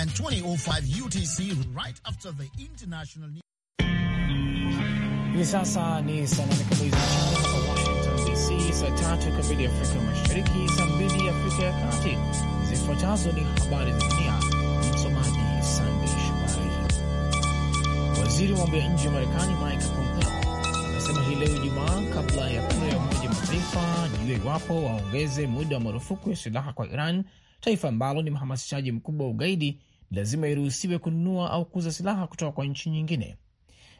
and 2005 UTC right after the international news. Hivi sasa ni saa nane kamili za mchana hapa Washington DC, saa tatu kamili Afrika Mashariki, saa mbili Afrika ya Kati. Zifuatazo ni habari za dunia, msomaji Sandey Shomari. Waziri wa mambo ya nje wa Marekani Mike Pompeo amesema hii leo Ijumaa kabla ya kura ya Umoja Mataifa juu iwapo waongeze muda wa marufuku ya silaha kwa Iran, taifa ambalo ni mhamasishaji mkubwa wa ugaidi lazima iruhusiwe kununua au kuuza silaha kutoka kwa nchi nyingine.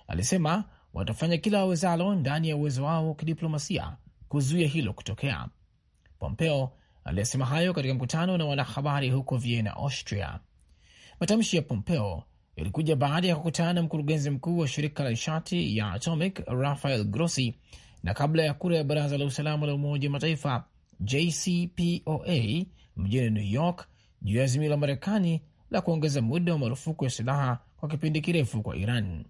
Alisema watafanya kila wawezalo ndani ya uwezo wao wa kidiplomasia kuzuia hilo kutokea. Pompeo aliyesema hayo katika mkutano na wanahabari huko Vienna, Austria. Matamshi ya Pompeo yalikuja baada ya kukutana na mkurugenzi mkuu wa shirika la nishati ya atomic Rafael Grossi na kabla ya kura ya baraza la usalama la Umoja wa Mataifa JCPOA mjini New York juu ya azimio la Marekani la kuongeza muda wa marufuku ya silaha kwa kipindi kirefu kwa Iran.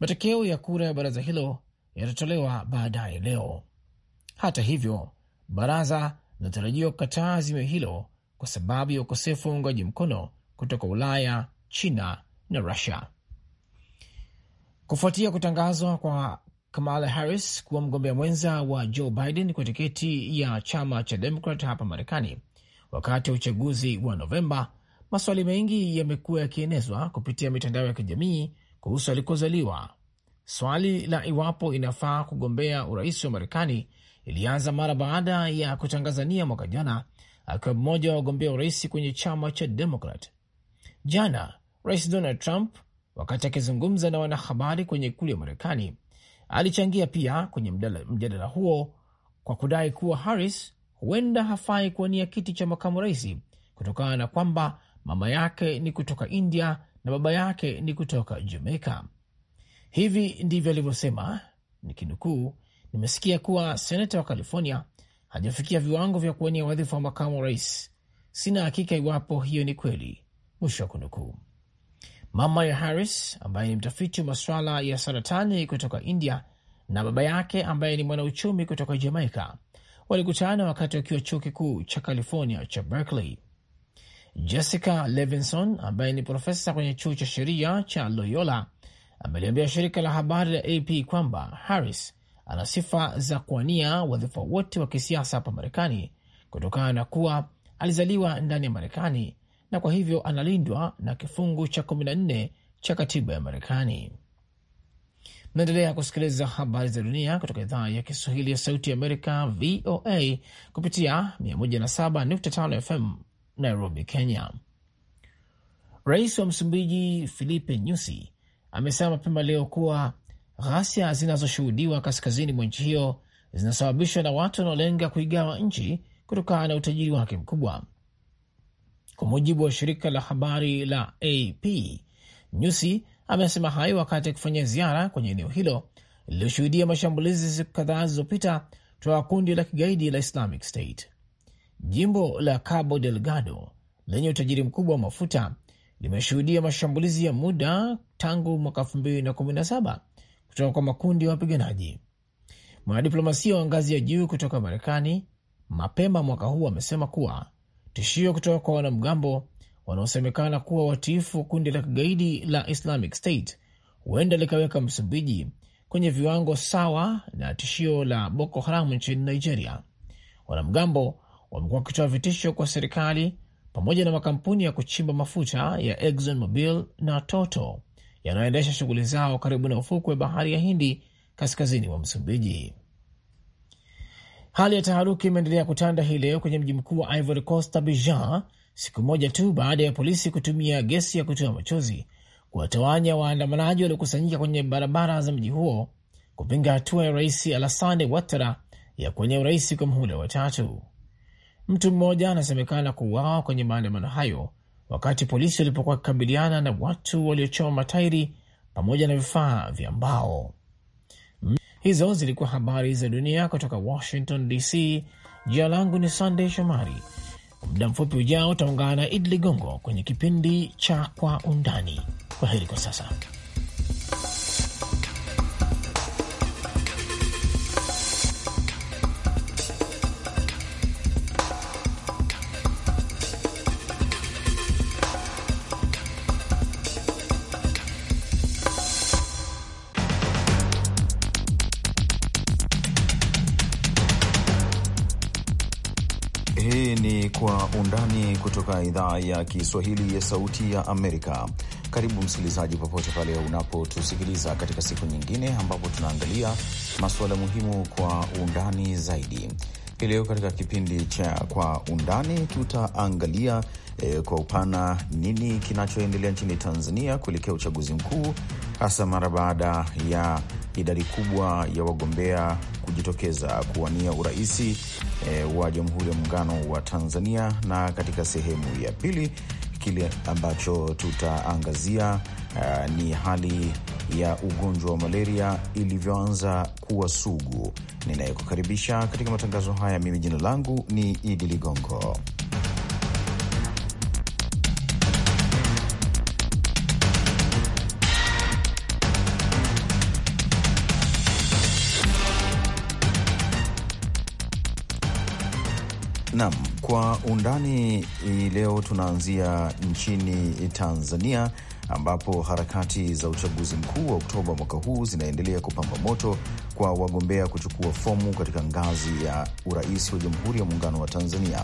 Matokeo ya kura ya baraza hilo yatatolewa baadaye leo. Hata hivyo, baraza linatarajiwa kukataa azimio hilo kwa sababu ya ukosefu wa uungaji mkono kutoka Ulaya, China na Rusia. Kufuatia kutangazwa kwa Kamala Harris kuwa mgombea mwenza wa Joe Biden kwa tiketi ya chama cha Demokrat hapa Marekani wakati wa uchaguzi wa Novemba, Maswali mengi yamekuwa yakienezwa kupitia mitandao ya kijamii kuhusu alikozaliwa. Swali la iwapo inafaa kugombea urais wa Marekani ilianza mara baada ya kutangazania mwaka jana, akiwa mmoja wa wagombea urais kwenye chama cha Demokrat. Jana Rais Donald Trump, wakati akizungumza na wanahabari kwenye ikulu ya Marekani, alichangia pia kwenye mjadala huo kwa kudai kuwa Harris huenda hafai kuwania kiti cha makamu rais kutokana na kwamba mama yake ni kutoka India na baba yake ni kutoka Jamaica. Hivi ndivyo alivyosema, nikinukuu: nimesikia kuwa seneta wa California hajafikia viwango vya kuwania wadhifa wa makamu wa rais. Sina hakika iwapo hiyo ni kweli, mwisho wa kunukuu. Mama ya Harris ambaye ni mtafiti wa masuala ya saratani kutoka India na baba yake ambaye ni mwanauchumi kutoka Jamaica walikutana wakati wakiwa chuo kikuu cha California cha Berkeley Jessica Levinson ambaye ni profesa kwenye chuo cha sheria cha Loyola ameliambia shirika la habari la AP kwamba Harris ana sifa za kuwania wadhifa wote wa kisiasa hapa Marekani kutokana na kuwa alizaliwa ndani ya Marekani na kwa hivyo analindwa na kifungu cha 14 cha katiba ya Marekani. Mnaendelea kusikiliza habari za dunia kutoka idhaa ya Kiswahili ya Sauti ya Amerika, VOA, kupitia 107.5 FM Nairobi, Kenya. Rais wa Msumbiji Filipe Nyusi amesema mapema leo kuwa ghasia zinazoshuhudiwa kaskazini mwa nchi hiyo zinasababishwa na watu wanaolenga kuigawa nchi kutokana na utajiri wake mkubwa. Kwa mujibu wa shirika la habari la AP, Nyusi amesema hayo wakati akifanya ziara kwenye eneo hilo lililoshuhudia mashambulizi siku kadhaa zilizopita kutoka kundi la kigaidi la Islamic State. Jimbo la Cabo Delgado lenye utajiri mkubwa wa mafuta limeshuhudia mashambulizi ya muda tangu mwaka 2017 kutoka kwa makundi ya wapiganaji. Mwanadiplomasia wa ngazi ya juu kutoka Marekani mapema mwaka huu amesema kuwa tishio kutoka kwa wanamgambo wanaosemekana kuwa watiifu kundi la kigaidi la Islamic State huenda likaweka Msumbiji kwenye viwango sawa na tishio la Boko Haram nchini Nigeria. Wanamgambo wamekuwa wakitoa vitisho kwa serikali pamoja na makampuni ya kuchimba mafuta ya Exxon Mobil na Total yanayoendesha shughuli zao karibu na ufukwe bahari ya Hindi kaskazini mwa Msumbiji. Hali ya taharuki imeendelea kutanda hii leo kwenye mji mkuu wa Ivory Coast, Abidjan, siku moja tu baada ya polisi kutumia gesi ya kutoa machozi kuwatawanya waandamanaji waliokusanyika kwenye barabara za mji huo kupinga hatua ya Rais Alassane Ouattara ya kwenye urais kwa muhula wa tatu. Mtu mmoja anasemekana kuuawa kwenye maandamano hayo wakati polisi walipokuwa wakikabiliana na watu waliochoma matairi pamoja na vifaa vya mbao. Hizo zilikuwa habari za dunia kutoka Washington DC. Jina langu ni Sandey Shomari. Muda mfupi ujao utaungana na Idi Ligongo kwenye kipindi cha Kwa Undani. Kwa heri kwa sasa. Kiswahili ya Sauti ya Amerika. Karibu msikilizaji, popote pale unapotusikiliza katika siku nyingine ambapo tunaangalia masuala muhimu kwa undani zaidi. Hii leo katika kipindi cha Kwa Undani tutaangalia e, kwa upana nini kinachoendelea nchini Tanzania kuelekea uchaguzi mkuu, hasa mara baada ya idadi kubwa ya wagombea kujitokeza kuwania uraisi e, wa Jamhuri ya Muungano wa Tanzania. Na katika sehemu ya pili kile ambacho tutaangazia uh, ni hali ya ugonjwa wa malaria ilivyoanza kuwa sugu. Ninayekukaribisha katika matangazo haya mimi, jina langu ni Idi Ligongo. Naam, kwa undani hii leo tunaanzia nchini Tanzania ambapo harakati za uchaguzi mkuu wa Oktoba mwaka huu zinaendelea kupamba moto kwa wagombea kuchukua fomu katika ngazi ya urais wa Jamhuri ya Muungano wa Tanzania.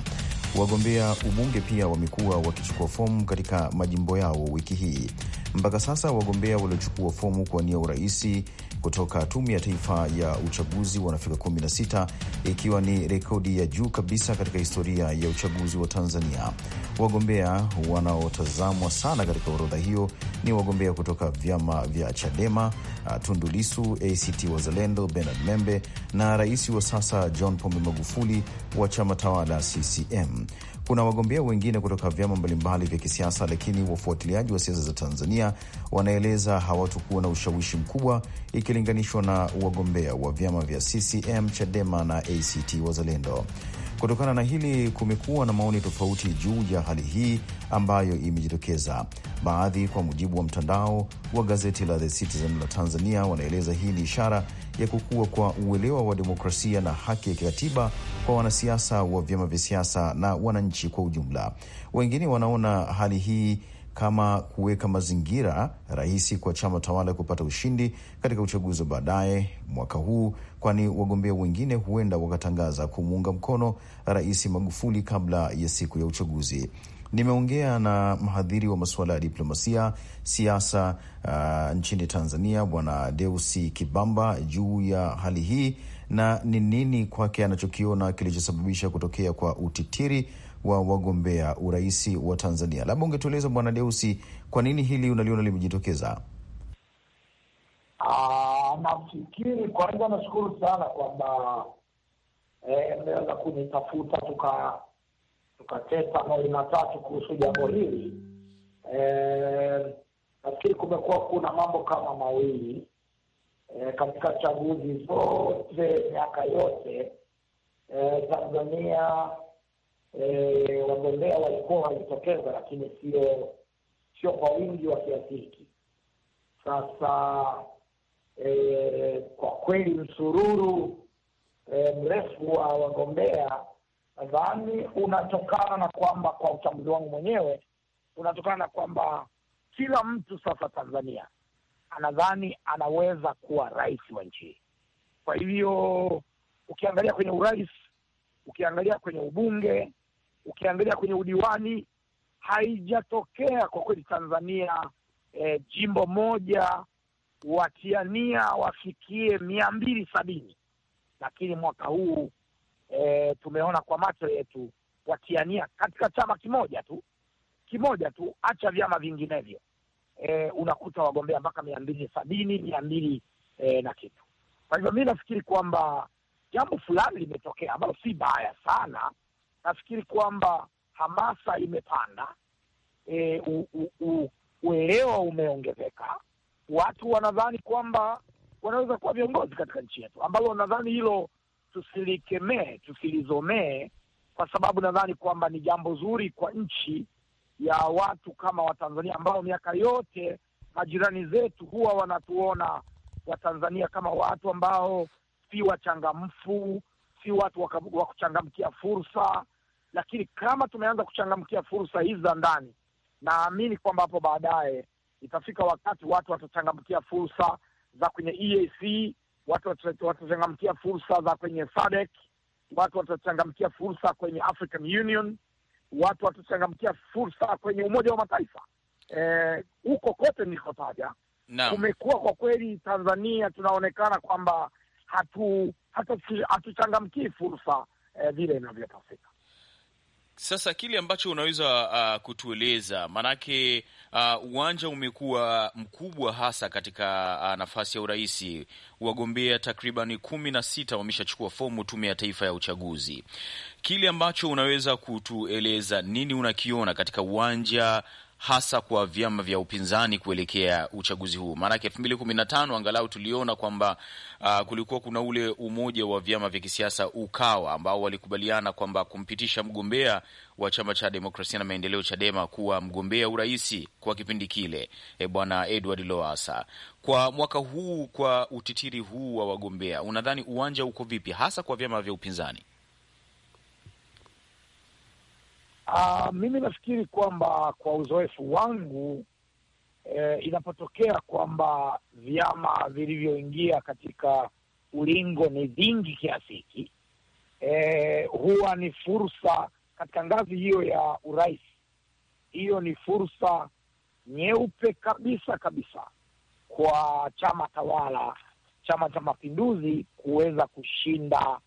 Wagombea ubunge pia wamekuwa wakichukua fomu katika majimbo yao wiki hii. Mpaka sasa wagombea waliochukua fomu kuwania uraisi kutoka Tume ya Taifa ya Uchaguzi wanafika 16 ikiwa ni rekodi ya juu kabisa katika historia ya uchaguzi wa Tanzania. Wagombea wanaotazamwa sana katika orodha hiyo ni wagombea kutoka vyama vya Chadema, uh, Tundu Lissu, ACT Wazalendo, Bernard Membe na rais wa sasa John Pombe Magufuli wa chama tawala CCM kuna wagombea wengine kutoka vyama mbalimbali vya kisiasa, lakini wafuatiliaji wa siasa za Tanzania wanaeleza hawatokuwa na ushawishi mkubwa ikilinganishwa na wagombea wa vyama vya CCM, Chadema na ACT Wazalendo. Kutokana na hili kumekuwa na maoni tofauti juu ya hali hii ambayo imejitokeza. Baadhi, kwa mujibu wa mtandao wa gazeti la The Citizen la Tanzania, wanaeleza hii ni ishara ya kukua kwa uelewa wa demokrasia na haki ya kikatiba kwa wanasiasa wa vyama vya siasa na wananchi kwa ujumla. Wengine wanaona hali hii kama kuweka mazingira rahisi kwa chama tawala kupata ushindi katika uchaguzi wa baadaye mwaka huu, kwani wagombea wengine huenda wakatangaza kumuunga mkono Rais Magufuli kabla ya siku ya uchaguzi. Nimeongea na mhadhiri wa masuala ya diplomasia, siasa uh, nchini Tanzania, Bwana Deusi Kibamba juu ya hali hii na ni nini kwake anachokiona kilichosababisha kutokea kwa utitiri wa wagombea urais wa Tanzania. Labda ungetueleza Bwana Deusi, kwa nini hili unaliona limejitokeza? Ah, nafikiri kwanza, nashukuru sana kwamba eh, mmeweza kunitafuta tuka tukateta mawili matatu kuhusu jambo hili e, nafikiri kumekuwa kuna mambo kama mawili e, katika chaguzi zote miaka yote e, Tanzania e, wagombea walikuwa walitokeza, lakini sio sio kwa wingi wa kiasi hiki. Sasa e, kwa kweli msururu e, mrefu wa wagombea nadhani unatokana na kwamba, kwa utambuzi wangu mwenyewe, unatokana na kwamba kila mtu sasa Tanzania anadhani anaweza kuwa rais wa nchi hii. Kwa hivyo ukiangalia kwenye urais, ukiangalia kwenye ubunge, ukiangalia kwenye udiwani, haijatokea kwa kweli Tanzania eh, jimbo moja watiania wafikie mia mbili sabini, lakini mwaka huu e, tumeona kwa macho yetu watiania katika chama kimoja tu kimoja tu, acha vyama vinginevyo e, unakuta wagombea mpaka mia mbili sabini mia mbili e, na kitu. Kwa hivyo mi nafikiri kwamba jambo fulani limetokea ambalo si baya sana. Nafikiri kwamba hamasa imepanda, e, u, u, u, uelewa umeongezeka, watu wanadhani kwamba wanaweza kuwa viongozi katika nchi yetu, ambalo nadhani hilo tusilikemee, tusilizomee, kwa sababu nadhani kwamba ni jambo zuri kwa nchi ya watu kama Watanzania ambao miaka yote majirani zetu huwa wanatuona Watanzania kama watu ambao si wachangamfu, si watu wa kuchangamkia fursa. Lakini kama tumeanza kuchangamkia fursa hizi za ndani, naamini kwamba hapo baadaye itafika wakati watu watachangamkia fursa za kwenye EAC watu watachangamkia fursa za kwenye SADC, watu watachangamkia fursa kwenye African Union, watu watachangamkia fursa kwenye Umoja wa Mataifa. Eh, huko e, kote nilikotaja no. Kumekuwa kwa kweli, Tanzania tunaonekana kwamba hatuchangamkii hatu, hatu fursa eh, vile vile inavyopasika. Sasa kile ambacho unaweza uh, kutueleza maanake ah, uwanja umekuwa mkubwa hasa katika uh, nafasi ya urahisi Wagombea takribani kumi na sita wameshachukua fomu Tume ya Taifa ya Uchaguzi. Kile ambacho unaweza kutueleza, nini unakiona katika uwanja hasa kwa vyama vya upinzani kuelekea uchaguzi huu? Maanake elfu mbili kumi na tano angalau tuliona kwamba uh, kulikuwa kuna ule umoja wa vyama vya kisiasa Ukawa ambao walikubaliana kwamba kumpitisha mgombea wa chama cha demokrasia na maendeleo Chadema kuwa mgombea urahisi kwa kipindi kile, e, bwana Edward Lowassa. Kwa mwaka huu, kwa utitiri huu wa wagombea, unadhani uwanja uko vipi hasa kwa vyama vya upinzani? Uh, mimi nafikiri kwamba kwa uzoefu wangu eh, inapotokea kwamba vyama vilivyoingia katika ulingo ni vingi kiasi hiki eh, huwa ni fursa katika ngazi hiyo ya urais. Hiyo ni fursa nyeupe kabisa kabisa kwa chama tawala, Chama cha Mapinduzi, kuweza kushinda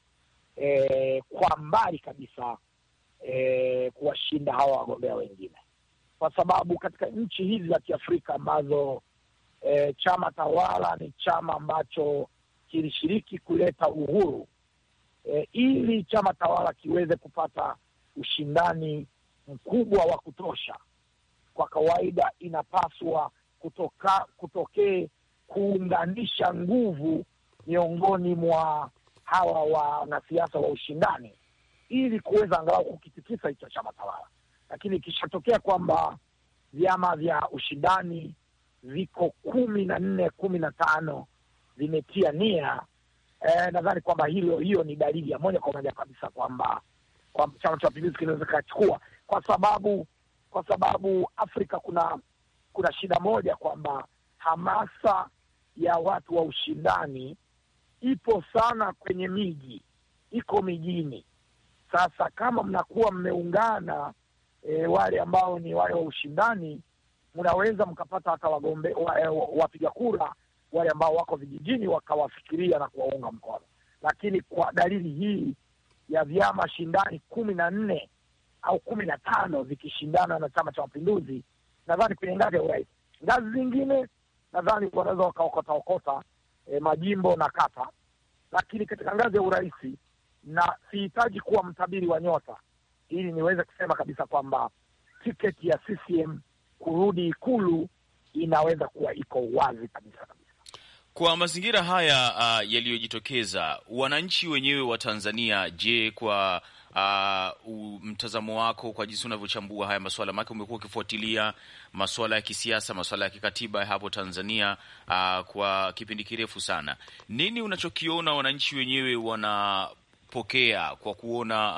eh, kwa mbali kabisa e, kuwashinda hawa wagombea wengine, kwa sababu katika nchi hizi za Kiafrika ambazo e, chama tawala ni chama ambacho kilishiriki kuleta uhuru e, ili chama tawala kiweze kupata ushindani mkubwa wa kutosha, kwa kawaida inapaswa kutoka kutokee kuunganisha nguvu miongoni mwa hawa wanasiasa wa ushindani ili kuweza angalau kukitikisa hicho chama tawala. Lakini ikishatokea kwamba vyama vya ushindani viko kumi na nne kumi na tano vimetia nia eh, nadhani kwamba hilo hiyo ni dalili ya moja kwa moja kabisa kwamba kwa Chama cha Mapinduzi kinaweza kikachukua, kwa sababu kwa sababu Afrika kuna kuna shida moja kwamba hamasa ya watu wa ushindani ipo sana kwenye miji, iko mijini, sasa kama mnakuwa mmeungana e, wale ambao ni wale wa ushindani, mnaweza mkapata hata wagombe wa, e, wapiga kura wale ambao wako vijijini wakawafikiria na kuwaunga mkono, lakini kwa dalili hii ya vyama shindani kumi na nne au kumi na tano vikishindana na Chama cha Mapinduzi, nadhani kwenye ngazi ya urais, ngazi zingine nadhani wanaweza wakaokotaokota e, majimbo na kata, lakini katika ngazi ya urais na sihitaji kuwa mtabiri wa nyota ili niweze kusema kabisa kwamba tiketi ya CCM kurudi Ikulu inaweza kuwa iko wazi kabisa kabisa. Kwa mazingira haya uh, yaliyojitokeza, wananchi wenyewe wa Tanzania, je, kwa uh, mtazamo wako kwa jinsi unavyochambua haya maswala maanake umekuwa ukifuatilia maswala ya kisiasa, maswala ya kikatiba hapo Tanzania uh, kwa kipindi kirefu sana, nini unachokiona wananchi wenyewe wana kupokea kwa kuona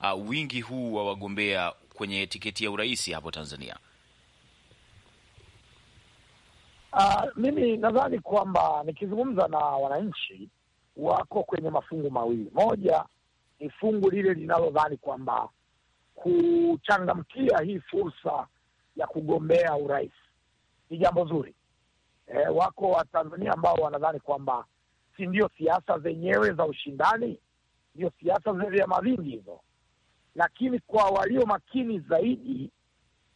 uh, uh, wingi huu wa wagombea kwenye tiketi ya urais hapo Tanzania? Uh, mimi nadhani kwamba nikizungumza na wananchi wako kwenye mafungu mawili. Moja ni fungu lile linalodhani kwamba kuchangamkia hii fursa ya kugombea urais ni jambo zuri. E, wako Watanzania ambao wanadhani kwamba si ndio siasa zenyewe za ushindani ndio siasa za vyama hizo, lakini kwa walio makini zaidi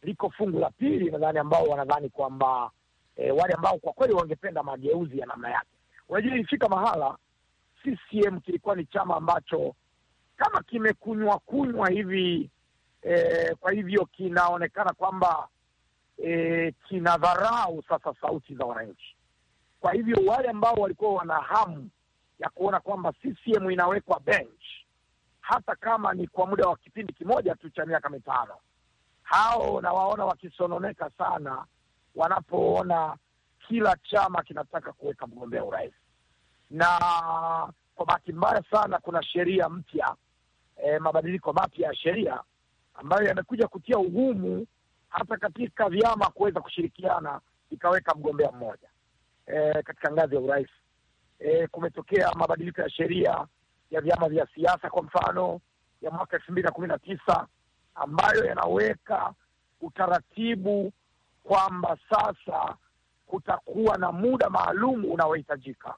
liko fungu la pili, nadhani ambao wanadhani kwamba e, wale ambao kwa kweli wangependa mageuzi ya namna yake. Unajua, ilifika mahala CCM kilikuwa ni chama ambacho kama kimekunywa kunywa hivi e, kwa hivyo kinaonekana kwamba e, kinadharau sasa sauti za wananchi. Kwa hivyo wale ambao walikuwa wana hamu ya kuona kwamba CCM inawekwa bench hata kama ni kwa muda wa kipindi kimoja tu cha miaka mitano. Hao nawaona wakisononeka sana wanapoona kila chama kinataka kuweka mgombea urais, na kwa bahati mbaya sana kuna sheria mpya e, mabadiliko mapya ya sheria ambayo yamekuja kutia ugumu hata katika vyama kuweza kushirikiana ikaweka mgombea mmoja e, katika ngazi ya urais e, kumetokea mabadiliko ya sheria ya vyama vya siasa kwa mfano ya mwaka elfu mbili na kumi na tisa ambayo yanaweka utaratibu kwamba sasa kutakuwa na muda maalum unaohitajika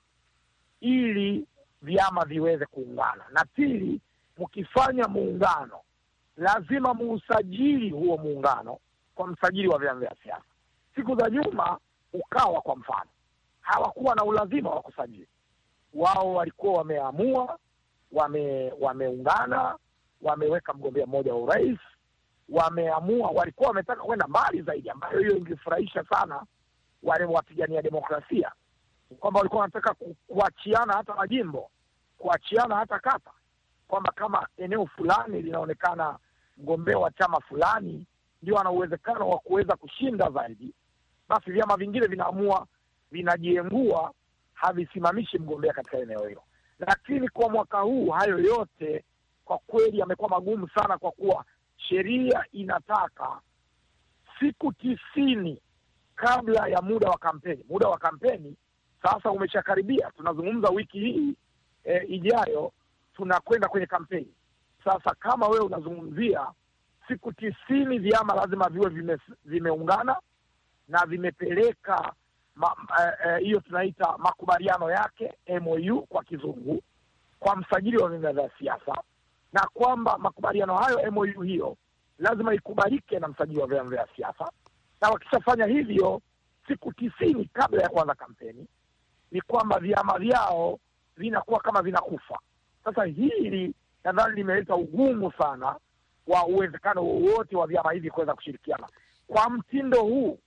ili vyama viweze kuungana. Na pili, mkifanya muungano lazima muusajili huo muungano kwa msajili wa vyama vya siasa. Siku za nyuma Ukawa kwa mfano hawakuwa na ulazima wa kusajili. Wao walikuwa wameamua, wame, wameungana, wameweka mgombea mmoja wa urais, wameamua, walikuwa wametaka kwenda mbali zaidi, ambayo hiyo ingefurahisha sana wale wapigania demokrasia, kwamba walikuwa wanataka kuachiana hata majimbo, kuachiana hata kata, kwamba kama eneo fulani linaonekana mgombea wa chama fulani ndio ana uwezekano wa kuweza kushinda zaidi, basi vyama vingine vinaamua vinajiengua, havisimamishi mgombea katika eneo hilo. Lakini kwa mwaka huu hayo yote kwa kweli yamekuwa magumu sana, kwa kuwa sheria inataka siku tisini kabla ya muda wa kampeni. Muda wa kampeni sasa umeshakaribia, tunazungumza wiki hii e, ijayo tunakwenda kwenye kampeni. Sasa kama wewe unazungumzia siku tisini, vyama lazima viwe vime, vimeungana na vimepeleka Eh, eh, hiyo ma, uh, tunaita makubaliano yake MOU kwa kizungu kwa msajili wa vyama vya siasa, na kwamba makubaliano hayo MOU hiyo lazima ikubalike na msajili wa vyama vya siasa, na wakishafanya hivyo siku tisini kabla ya kuanza kampeni, ni kwamba vyama vyao vinakuwa kama vinakufa. Sasa hili nadhani limeleta ugumu sana wa uwezekano wowote wa vyama hivi kuweza kushirikiana kwa mtindo huu.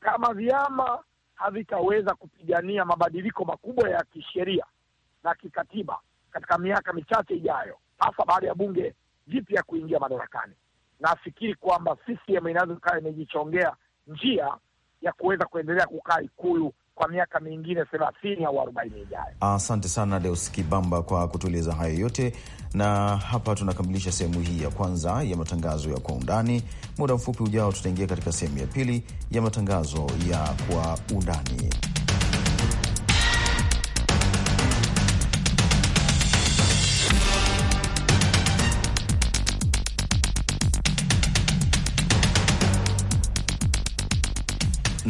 Kama vyama havitaweza kupigania mabadiliko makubwa ya kisheria na kikatiba katika miaka michache ijayo, hasa baada ya bunge jipya kuingia madarakani. Nafikiri kwamba CCM inaweza ikawa imejichongea njia ya kuweza kuendelea kukaa Ikulu kwa miaka mingine thelathini au arobaini ijayo. Asante sana Deus Kibamba kwa kutueleza hayo yote, na hapa tunakamilisha sehemu hii ya kwanza ya matangazo ya kwa undani. Muda mfupi ujao, tutaingia katika sehemu ya pili ya matangazo ya kwa undani.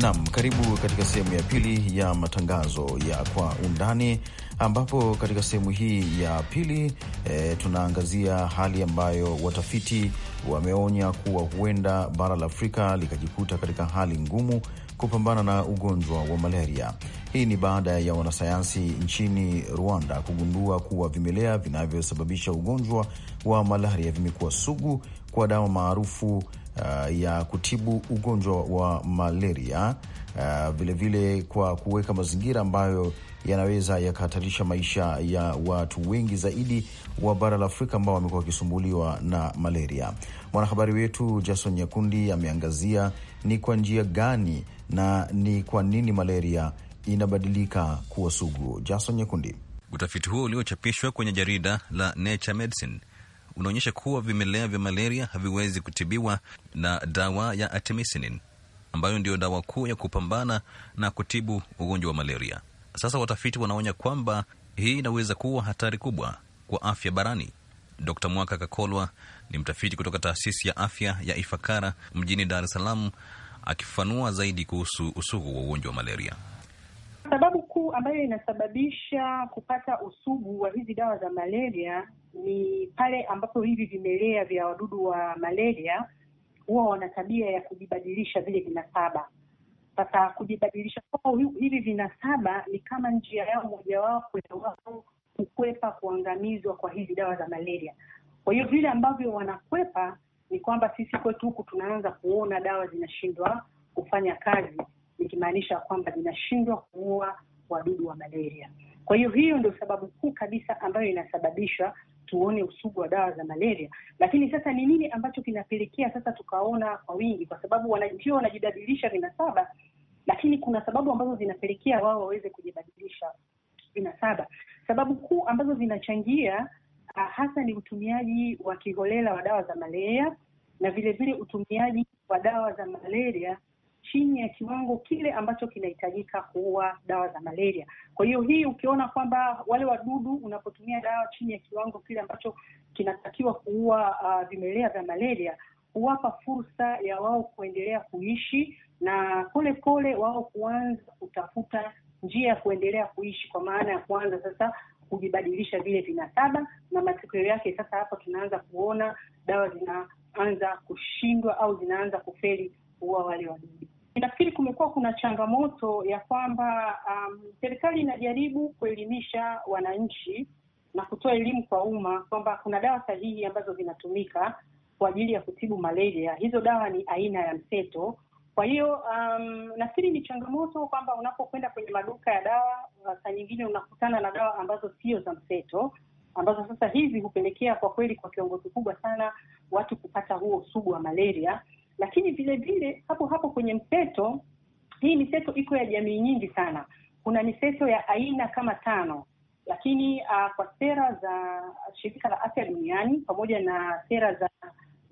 Nam, karibu katika sehemu ya pili ya matangazo ya kwa undani, ambapo katika sehemu hii ya pili e, tunaangazia hali ambayo watafiti wameonya kuwa huenda bara la Afrika likajikuta katika hali ngumu kupambana na ugonjwa wa malaria. Hii ni baada ya wanasayansi nchini Rwanda kugundua kuwa vimelea vinavyosababisha ugonjwa wa malaria vimekuwa sugu kwa dawa maarufu uh, ya kutibu ugonjwa wa malaria vilevile uh, vile kwa kuweka mazingira ambayo yanaweza yakahatarisha maisha ya watu wengi zaidi wa bara la Afrika ambao wamekuwa wakisumbuliwa na malaria. Mwanahabari wetu Jason Nyakundi ameangazia ni kwa njia gani na ni kwa nini malaria inabadilika kuwa sugu. Jason Nyakundi. Utafiti huo uliochapishwa kwenye jarida la Nature Medicine unaonyesha kuwa vimelea vya malaria haviwezi kutibiwa na dawa ya artemisinin ambayo ndiyo dawa kuu ya kupambana na kutibu ugonjwa wa malaria. Sasa watafiti wanaonya kwamba hii inaweza kuwa hatari kubwa kwa afya barani. Dkt Mwaka Kakolwa ni mtafiti kutoka taasisi ya afya ya Ifakara mjini Dar es Salaam, zaidi kuhusu usugu wa ugonjwa wa malaria. Sababu ambayo inasababisha kupata usugu wa hizi dawa za malaria ni pale ambapo hivi vimelea vya wadudu wa malaria huwa wana tabia ya kujibadilisha vile vinasaba. Sasa kujibadilisha kwao hivi vinasaba ni kama njia yao mojawapo ya wao kukwepa kuangamizwa kwa hizi dawa za malaria. Kwa hiyo vile ambavyo wanakwepa ni kwamba sisi kwetu huku tunaanza kuona dawa zinashindwa kufanya kazi, nikimaanisha kwamba zinashindwa kuua wadudu wa malaria. Kwa hiyo hiyo ndio sababu kuu kabisa ambayo inasababisha tuone usugu wa dawa za malaria. Lakini sasa ni nini ambacho kinapelekea sasa tukaona kwa wingi? Kwa sababu wananchi wanajibadilisha vinasaba, lakini kuna sababu ambazo zinapelekea wao waweze kujibadilisha vinasaba. Sababu kuu ambazo zinachangia ah, hasa ni utumiaji wa kiholela wa dawa za malaria na vilevile utumiaji wa dawa za malaria chini ya kiwango kile ambacho kinahitajika kuua dawa za malaria. Kwa hiyo hii, ukiona kwamba wale wadudu, unapotumia dawa chini ya kiwango kile ambacho kinatakiwa kuua uh, vimelea vya malaria, huwapa fursa ya wao kuendelea kuishi na pole pole wao kuanza kutafuta njia ya kuendelea kuishi, kwa maana ya kuanza sasa kujibadilisha vile vinasaba, na matokeo yake sasa hapa tunaanza kuona dawa zinaanza kushindwa au zinaanza kufeli kuua wale wadudu. Nafikiri kumekuwa kuna changamoto ya kwamba um, serikali um, inajaribu kuelimisha wananchi na kutoa elimu kwa umma kwamba kuna dawa sahihi ambazo zinatumika kwa ajili ya kutibu malaria. Hizo dawa ni aina ya mseto. Kwa hiyo um, nafikiri ni changamoto kwamba unapokwenda kwenye maduka ya dawa saa nyingine unakutana na dawa ambazo sio za mseto, ambazo sasa hizi hupelekea kwa kweli, kwa kiwango kikubwa sana watu kupata huo sugu wa malaria lakini vile vile hapo hapo kwenye mseto, hii miseto iko ya jamii nyingi sana. Kuna miseto ya aina kama tano, lakini uh, kwa sera za shirika la afya duniani pamoja na sera za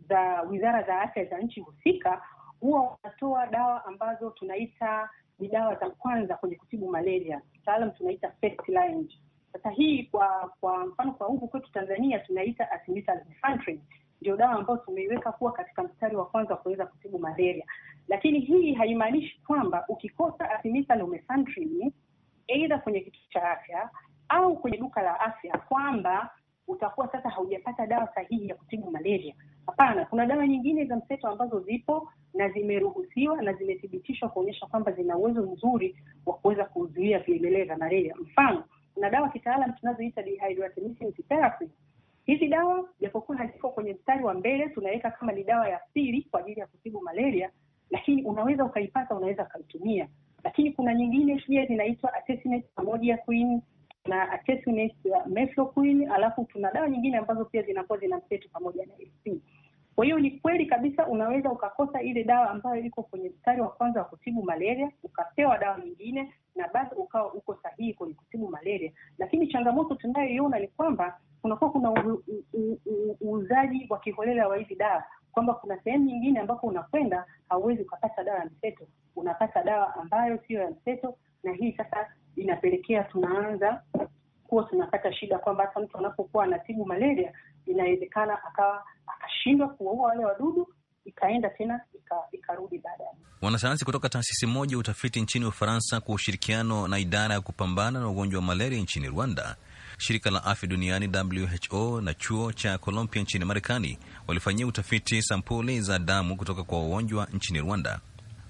za wizara za afya za nchi husika huwa wanatoa dawa ambazo tunaita ni dawa za kwanza kwenye kutibu malaria, kitaalam tunaita first line. Sasa hii kwa kwa mfano kwa huku kwetu Tanzania tunaita artemether lumefantrine ndio dawa ambayo tumeiweka kuwa katika mstari wa kwanza wa kuweza kutibu malaria, lakini hii haimaanishi kwamba ukikosa artemether-lumefantrine aidha kwenye kituo cha afya au kwenye duka la afya kwamba utakuwa sasa haujapata dawa sahihi ya kutibu malaria. Hapana, kuna dawa nyingine za mseto ambazo zipo na zimeruhusiwa na zimethibitishwa kuonyesha kwamba zina uwezo mzuri wa kuweza kuzuia vielelea vya malaria. Mfano, kuna dawa kitaalam tunazoita therapy Hizi dawa japokuwa haziko kwenye mstari wa mbele, tunaweka kama ni dawa ya pili kwa ajili ya kutibu malaria, lakini unaweza ukaipata, unaweza ukaitumia. Lakini kuna nyingine pia zinaitwa artesunate pamoja queen na artesunate mefloquine, alafu tuna dawa nyingine ambazo pia zinakuwa zina mseto pamoja na SP. Kwa hiyo ni kweli kabisa, unaweza ukakosa ile dawa ambayo iko kwenye mstari wa kwanza wa kutibu malaria, ukapewa dawa nyingine na basi ukawa uko sahihi kwenye kutibu malaria. Lakini changamoto tunayoiona ni kwamba kunakuwa kuna uuzaji wa kiholela wa hizi dawa, kwamba kuna sehemu nyingine ambapo unakwenda hauwezi ukapata dawa ya mseto, unapata dawa ambayo siyo ya mseto, na hii sasa inapelekea tunaanza kuwa tunapata shida kwamba hata mtu anapokuwa anatibu malaria inawezekana akawa ikashindwa kuwaua wale wadudu ikaenda tena ikarudi baadaye. Wanasayansi kutoka taasisi moja utafiti nchini Ufaransa kwa ushirikiano na idara ya kupambana na ugonjwa wa malaria nchini Rwanda, shirika la afya duniani WHO na chuo cha Columbia nchini Marekani walifanyia utafiti sampuli za damu kutoka kwa wagonjwa nchini Rwanda.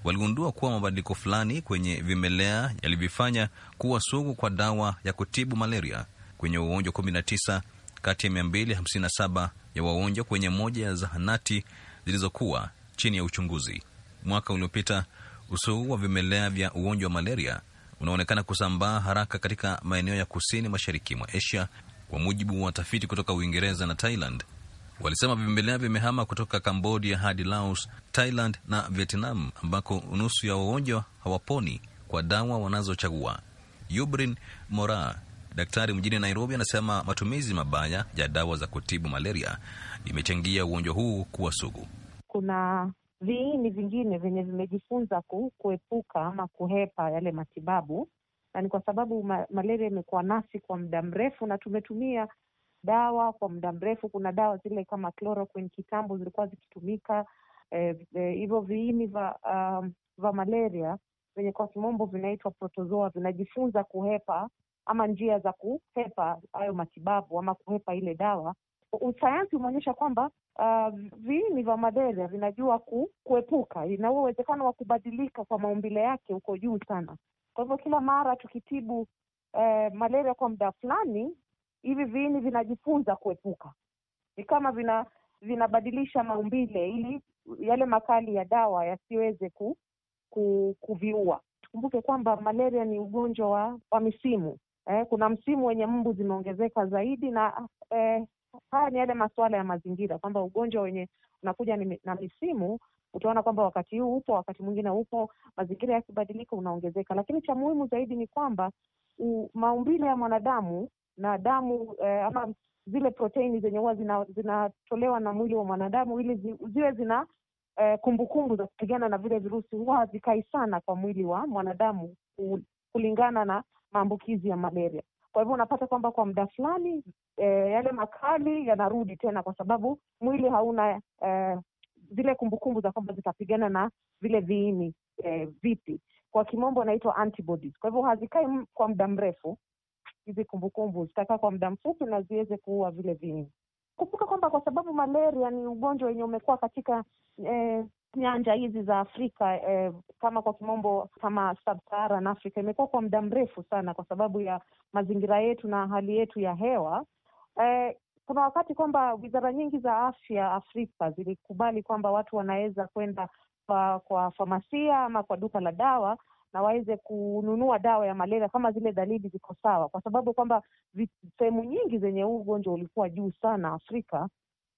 Waligundua kuwa mabadiliko fulani kwenye vimelea yalivyofanya kuwa sugu kwa dawa ya kutibu malaria kwenye wagonjwa 19 kati ya 257 ya wagonjwa kwenye moja ya zahanati zilizokuwa chini ya uchunguzi. Mwaka uliopita usuhu wa vimelea vya ugonjwa wa malaria unaonekana kusambaa haraka katika maeneo ya kusini mashariki mwa Asia, kwa mujibu wa tafiti kutoka Uingereza na Thailand. Walisema vimelea vimehama kutoka Kambodia hadi Laos, Thailand na Vietnam, ambako nusu ya wagonjwa hawaponi kwa dawa wanazochagua. Yubrin Mora daktari mjini Nairobi anasema matumizi mabaya ya dawa za kutibu malaria imechangia ugonjwa huu kuwa sugu. Kuna viini vingine vyenye vimejifunza ku, kuepuka ama kuhepa yale matibabu, na ni kwa sababu ma, malaria imekuwa nasi kwa muda mrefu na tumetumia dawa kwa muda mrefu. Kuna dawa zile kama chloroquine kitambo zilikuwa zikitumika eh, eh, hivyo. E, e, viini va, um, va malaria vyenye kwa kimombo vinaitwa protozoa vinajifunza kuhepa ama njia za kuhepa hayo matibabu ama kuhepa ile dawa. Usayansi umeonyesha kwamba uh, viini vya malaria vinajua ku, kuepuka na huo uwezekano wa kubadilika kwa maumbile yake uko juu sana. Kwa hivyo kila mara tukitibu eh, malaria kwa muda fulani, hivi viini vinajifunza kuepuka, ni kama vina vinabadilisha maumbile ili yale makali ya dawa yasiweze ku, ku, kuviua. Tukumbuke kwamba malaria ni ugonjwa wa, wa misimu eh, kuna msimu wenye mbu zimeongezeka zaidi na eh, haya ni yale masuala ya mazingira kwamba ugonjwa wenye unakuja na misimu utaona kwamba wakati huu upo, wakati mwingine upo, mazingira yakibadilika unaongezeka. Lakini cha muhimu zaidi ni kwamba maumbile ya mwanadamu na damu eh, ama zile proteini zenye huwa zina, zinatolewa na mwili wa mwanadamu ili zi, ziwe zina eh, kumbukumbu za kupigana na vile virusi huwa hazikai sana kwa mwili wa mwanadamu kulingana na maambukizi ya malaria. Kwa hivyo unapata kwamba kwa muda fulani e, yale makali yanarudi tena, kwa sababu mwili hauna e, zile kumbukumbu za kwamba zitapigana na vile viini e, vipi, kwa kimombo anaitwa antibodies. Kwa hivyo hazikai kwa muda mrefu, hizi kumbukumbu zitakaa kwa muda mfupi na ziweze kuua vile viini. Kumbuka kwamba kwa sababu malaria ni ugonjwa wenye umekuwa katika eh, nyanja hizi za Afrika eh, kama kwa kimombo kama Sub-Saharan Africa imekuwa kwa muda mrefu sana kwa sababu ya mazingira yetu na hali yetu ya hewa eh, kuna wakati kwamba wizara nyingi za afya Afrika zilikubali kwamba watu wanaweza kwenda kwa, kwa famasia ama kwa duka la dawa na waweze kununua dawa ya malaria kama zile dalili ziko sawa, kwa sababu kwamba sehemu nyingi zenye huu ugonjwa ulikuwa juu sana Afrika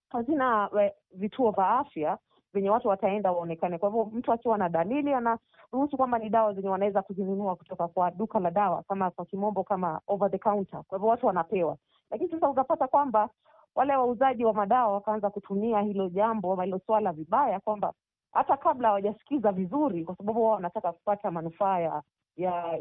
hazina eh, vituo vya afya venye watu wataenda waonekane. Kwa hivyo mtu akiwa na dalili anaruhusu kwamba ni dawa zenye wanaweza kuzinunua kutoka kwa duka la dawa, kama kwa kimombo kama over the counter. Kwa hivyo watu wanapewa, lakini sasa utapata kwamba wale wauzaji wa madawa wakaanza kutumia hilo jambo ama hilo swala vibaya, kwamba hata kabla hawajasikiza vizuri, kwa sababu wao wanataka kupata manufaa ya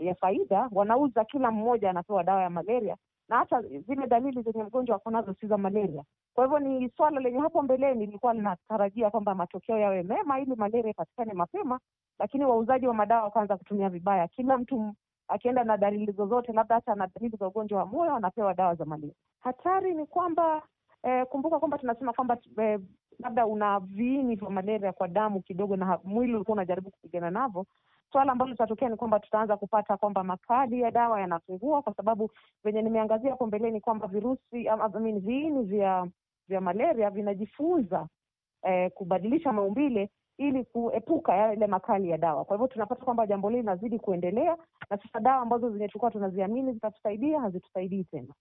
ya faida, wanauza, kila mmoja anapewa dawa ya malaria na hata zile dalili zenye mgonjwa wako nazo si za malaria. Kwa hivyo ni swala lenye hapo mbeleni ilikuwa linatarajia kwamba matokeo yawe mema ili malaria ipatikane mapema, lakini wauzaji wa madawa wakaanza kutumia vibaya. Kila mtu akienda na dalili zozote, labda hata na dalili za ugonjwa wa moyo, anapewa dawa za malaria. Hatari ni kwamba eh, kumbuka kwamba tunasema kwamba eh, labda una viini vya malaria kwa damu kidogo, na mwili ulikuwa unajaribu kupigana navyo, Swala ambalo litatokea ni kwamba tutaanza kupata kwamba makali ya dawa yanapungua, kwa sababu venye nimeangazia hapo mbeleni kwamba virusi am, I mean, viini vya vya malaria vinajifunza eh, kubadilisha maumbile ili kuepuka yale makali ya dawa. Kwa hivyo tunapata kwamba jambo lili linazidi kuendelea, na sasa dawa ambazo zenye tulikuwa tunaziamini zitatusaidia hazitusaidii tena.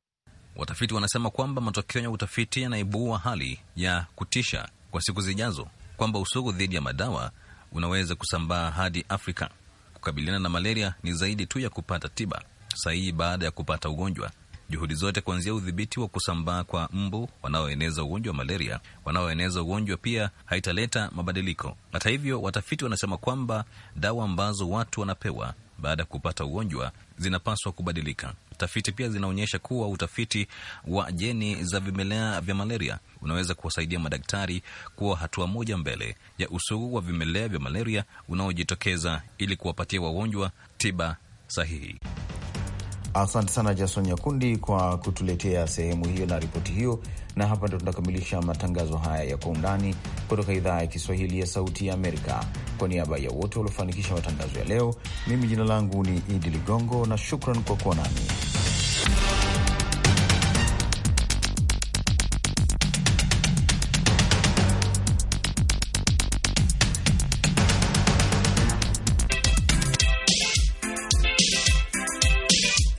Watafiti wanasema kwamba matokeo ya utafiti yanaibua hali ya kutisha kwa siku zijazo, kwamba usugu dhidi ya madawa unaweza kusambaa hadi Afrika. Kukabiliana na malaria ni zaidi tu ya kupata tiba sahihi baada ya kupata ugonjwa. Juhudi zote kuanzia udhibiti wa kusambaa kwa mbu wanaoeneza ugonjwa wa malaria wanaoeneza ugonjwa pia haitaleta mabadiliko. Hata hivyo, watafiti wanasema kwamba dawa ambazo watu wanapewa baada ya kupata ugonjwa zinapaswa kubadilika. Tafiti pia zinaonyesha kuwa utafiti wa jeni za vimelea vya malaria unaweza kuwasaidia madaktari kuwa hatua moja mbele ya usugu wa vimelea vya malaria unaojitokeza ili kuwapatia wagonjwa tiba sahihi. Asante sana Jason Nyakundi kwa kutuletea sehemu hiyo na ripoti hiyo, na hapa ndo tunakamilisha matangazo haya ya Kwa Undani kutoka idhaa ya Kiswahili ya Sauti ya Amerika. Kwa niaba ya wote waliofanikisha matangazo ya leo, mimi jina langu ni Idi Ligongo na shukran kwa kuwa nami.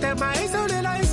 i mai sau de la